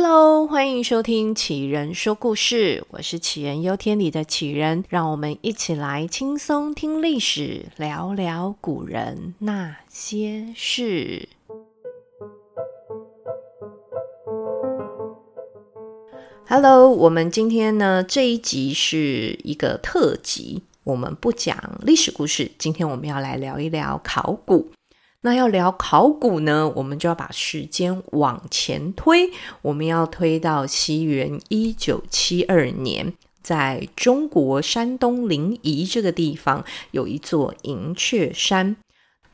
Hello，歡迎收聽《杞人說故事》，我是《杞人憂天》裡的杞人，讓我們一起來輕鬆聽歷史，聊聊古人那些事。Hello，我們今天呢，這一集是一個特輯，我們不講歷史故事，今天我們要來聊一聊考古。那要聊考古呢，我們就要把時間往前推。我們要推到西元一九七二年，在中國山東臨沂這個地方，有一座銀雀山。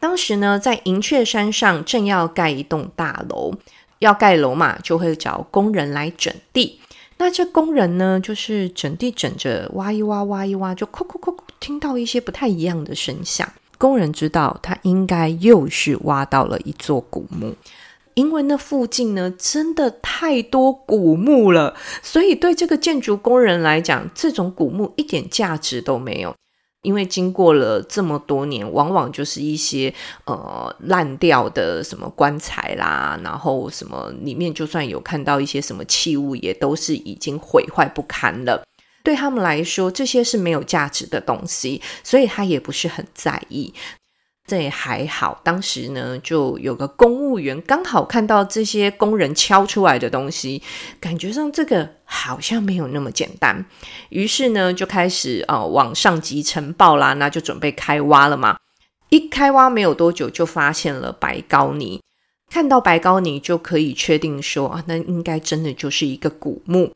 當時呢，在銀雀山上正要蓋一棟大樓，要蓋樓嘛，就會找工人來整地。那這工人呢，就是整地整着，挖一挖，挖一挖，就扣扣扣，聽到一些不太一樣的聲響。工人知道他應該又是挖到了一座古墓，因為那附近呢，真的太多古墓了，所以對這個建築工人來講，這種古墓一點價值都沒有，因為經過了這麼多年，往往就是一些呃爛掉的什麼棺材啦，然後什麼裡面就算有看到一些什麼器物，也都是已經毀壞不堪了。對他們來說，這些是沒有價值的東西，所以他也不是很在意，這也還好。當時呢，就有個公務員剛好看到這些工人敲出來的東西，感覺上這個好像沒有那麼簡單，於是呢就開始、哦、往上級呈報啦，那就準備開挖了嘛。一開挖沒有多久，就發現了白膏泥，看到白膏泥就可以確定說啊，那應該真的就是一個古墓。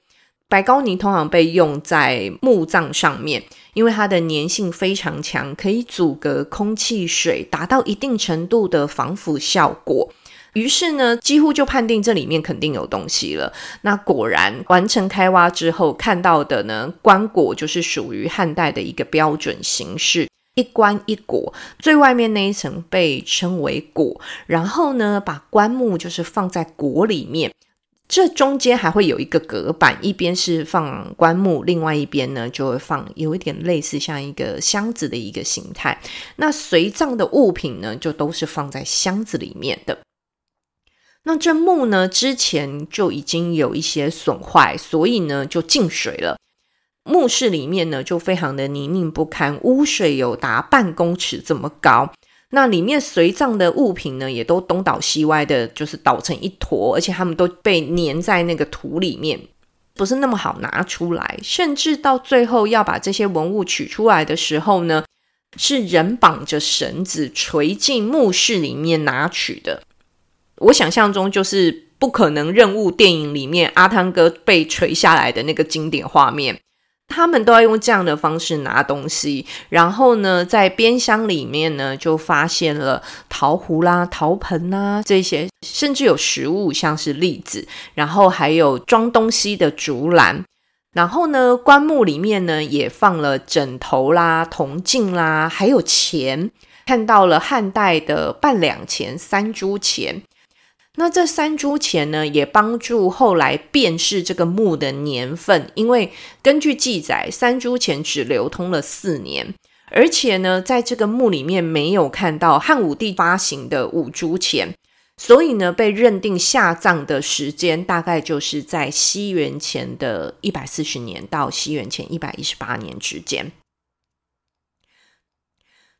白膏泥通常被用在墓葬上面，因為它的粘性非常強，可以阻隔空氣、水，達到一定程度的防腐效果。於是呢，幾乎就判定這裡面肯定有東西了。那果然，完成開挖之後看到的呢，棺椁就是屬於漢代的一個標準形式，一棺一椁，最外面那一層被稱為椁，然後呢，把棺木就是放在椁裡面。這中間還會有一個隔板，一邊是放棺木，另外一邊呢就會放，有一點類似像一個箱子的一個形態。那隨葬的物品呢，就都是放在箱子裡面的。那這墓呢，之前就已經有一些損壞，所以呢就進水了。墓室裡面呢就非常的泥濘不堪，污水有達半公尺這麼高。那裡面隨葬的物品呢，也都東倒西歪的，就是倒成一坨，而且他們都被粘在那個土裡面，不是那麼好拿出來。甚至到最後要把這些文物取出來的時候呢，是人綁着繩子垂進墓室裡面拿取的。我想象中就是不可能任務電影裡面阿湯哥被垂下來的那個經典畫面。他們都要用這樣的方式拿東西，然後呢，在邊箱裡面呢，就發現了陶壺啦、陶盆吶這些，甚至有食物，像是栗子，然後還有裝東西的竹籃。然後呢，棺木裡面呢，也放了枕頭啦、銅鏡啦，還有錢，看到了漢代的半兩錢、三銖錢。那這三銖錢呢，也幫助後來辨識這個墓的年份，因為根據記載，三銖錢只流通了四年，而且呢，在這個墓裡面沒有看到漢武帝發行的五銖錢，所以呢，被認定下葬的時間大概就是在西元前的一百四十年到西元前一百一十八年之間。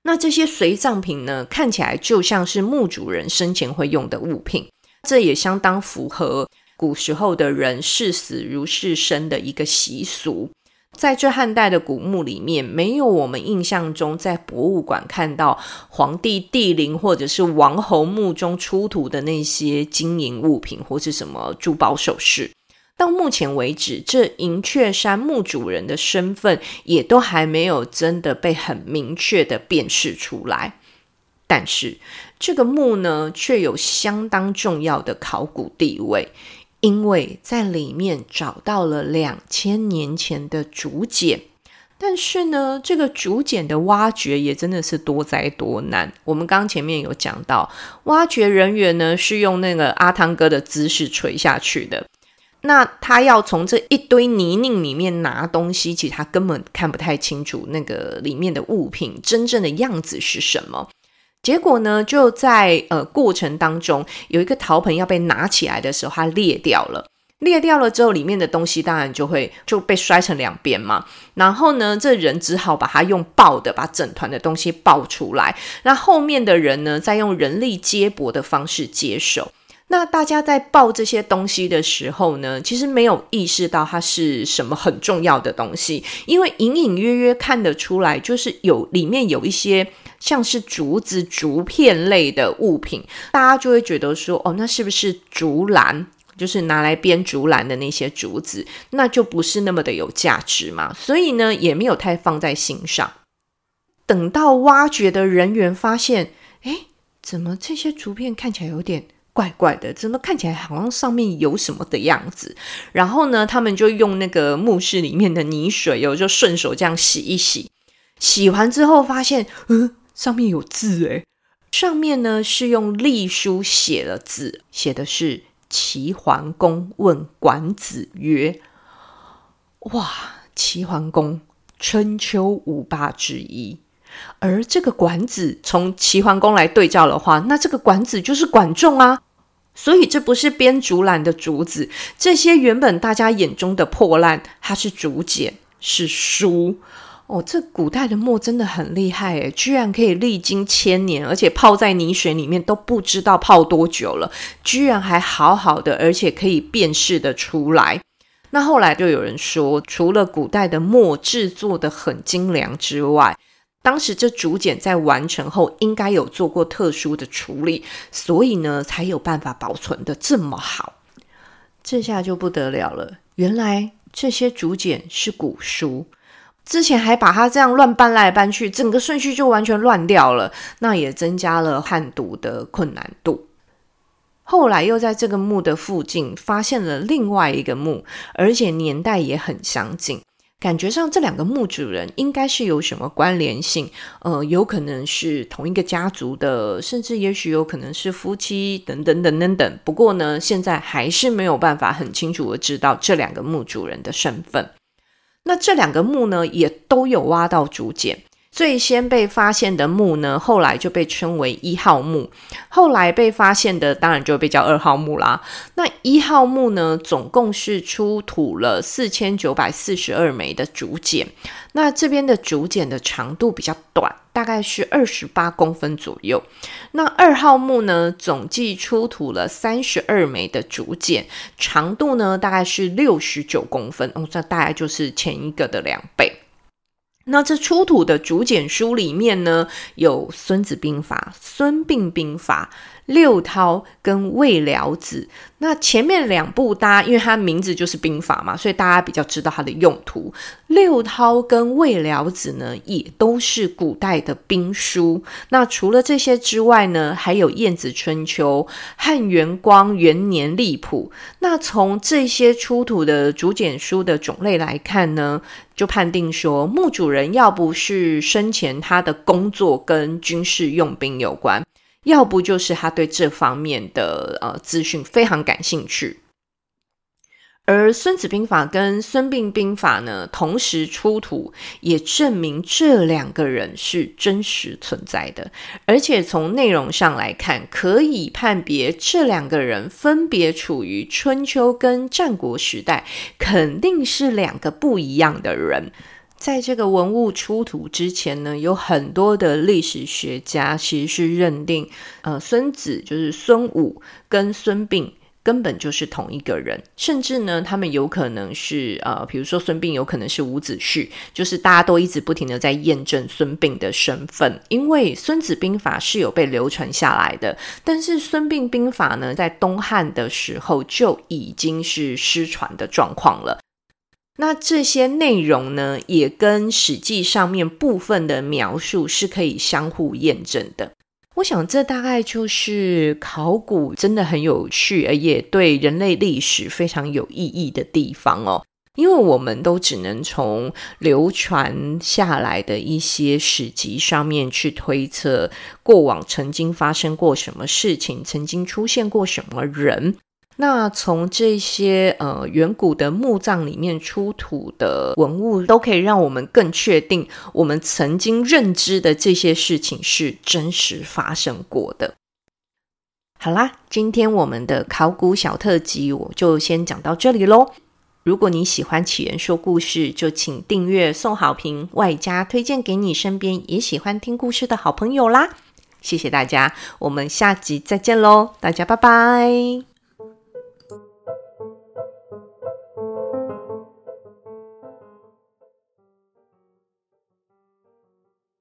那這些隨葬品呢，看起來就像是墓主人生前會用的物品。這也相當符合古時候的人事死如事生的一個習俗。在這漢代的古墓裡面，沒有我們印象中在博物館看到皇帝帝陵或者是王侯墓中出土的那些金銀物品，或是什麼珠寶首飾。到目前為止，這銀雀山墓主人的身份也都還沒有真的被很明確的辨識出來。但是這個墓呢，卻有相當重要的考古地位，因為在裡面找到了兩千年前的竹簡。但是呢，這個竹簡的挖掘也真的是多災多難。我們剛前面有講到，挖掘人員呢是用那個阿湯哥的姿勢垂下去的，那他要從這一堆泥濘裡面拿東西，其實他根本看不太清楚那個裡面的物品真正的樣子是什麼。結果呢，就在呃過程當中，有一個陶盆要被拿起來的時候，它裂掉了。裂掉了之後，裡面的東西當然就會就被摔成兩邊嘛。然後呢，這人只好把它用爆的，把整團的東西爆出來。那後面的人呢，再用人力接駁的方式接手。那大家在抱這些東西的時候呢，其實沒有意識到它是什麼很重要的東西，因為隱隱約約看得出來，就是有裡面有一些像是竹子、竹片類的物品，大家就會覺得說：“哦，那是不是竹籃？就是拿來編竹籃的那些竹子，那就不是那麼的有價值嘛。”所以呢，也沒有太放在心上。等到挖掘的人員發現，哎，怎麼這些竹片看起來有點……怪怪的，真的看起來好像上面有什麼的樣子。然後呢，他們就用那個墓室裡面的泥水、哦、就順手這樣洗一洗。洗完之後發現，嗯，上面有字哎，上面呢是用隸書寫的字，寫的是齊桓公問管子曰：“哇，齊桓公，春秋五霸之一。而這個管子，從齊桓公來對照的話，那這個管子就是管仲啊。”所以這不是編竹籃的竹子，這些原本大家眼中的破爛，它是竹簡，是書。哦，這古代的墨真的很厲害哎，居然可以歷經千年，而且泡在泥水裡面都不知道泡多久了，居然還好好的，而且可以辨識得出來。那後來就有人說，除了古代的墨制作的很精良之外，當時這竹簡在完成後應該有做過特殊的處理，所以呢才有辦法保存的這麼好。這下就不得了了，原來這些竹簡是古書，之前還把它這樣亂搬來搬去，整個順序就完全亂掉了，那也增加了判讀的困難度。後來又在這個墓的附近發現了另外一個墓，而且年代也很相近。感覺上，這兩個墓主人應該是有什麼關聯性，呃，有可能是同一個家族的，甚至也許有可能是夫妻等等，等等等等。不過呢，現在還是沒有辦法很清楚的知道這兩個墓主人的身份。那這兩個墓呢，也都有挖到竹簡。最先被發現的墓呢，後來就被稱為一號墓。後來被發現的當然就被叫二號墓啦。那一號墓呢，總共是出土了四千九百四十二枚的竹簡。那這邊的竹簡的長度比較短，大概是二十八公分左右。那二號墓呢，總計出土了三十二枚的竹簡，長度呢大概是六十九公分。哦，這大概就是前一個的兩倍。那這出土的竹簡書裡面呢，有《孫子兵法》、《孫臏兵法》。六韜跟尉繚子，那前面兩部搭，大家因為它名字就是兵法嘛，所以大家比較知道它的用途。六韜跟尉繚子呢，也都是古代的兵書。那除了這些之外呢，還有《晏子春秋》、《漢元光元年曆譜》。那從這些出土的竹簡書的種類來看呢，就判定說墓主人要不是生前他的工作跟軍事用兵有關。要不就是他對這方面的呃資訊非常感興趣，而《孫子兵法》跟《孫臏兵法》呢，同時出土也證明這兩個人是真實存在的，而且從內容上來看，可以判別這兩個人分別處於春秋跟戰國時代，肯定是兩個不一樣的人。在這個文物出土之前呢，有很多的歷史學家其實是認定，呃，孫子就是孫武跟孫臏根本就是同一個人，甚至呢，他們有可能是呃，比如說孫臏有可能是伍子胥，就是大家都一直不停的在驗證孫臏的身份，因為《孫子兵法》是有被流傳下來的，但是《孫臏兵法》呢，在東漢的時候就已經是失傳的狀況了。那這些內容呢，也跟史記上面部分的描述是可以相互驗證的。我想，這大概就是考古真的很有趣，而也對人類歷史非常有意義的地方哦。因為我們都只能從流傳下來的一些史籍上面去推測過往曾經發生過什麼事情，曾經出現過什麼人。那從這些呃遠古的墓葬裡面出土的文物，都可以讓我們更確定我們曾經認知的這些事情是真實發生過的。好啦，今天我們的考古小特輯我就先講到這裡嘍。如果你喜歡杞人說故事，就請訂閱、送好評，外加推薦給你身邊也喜歡聽故事的好朋友啦。謝謝大家，我們下集再見嘍，大家拜拜。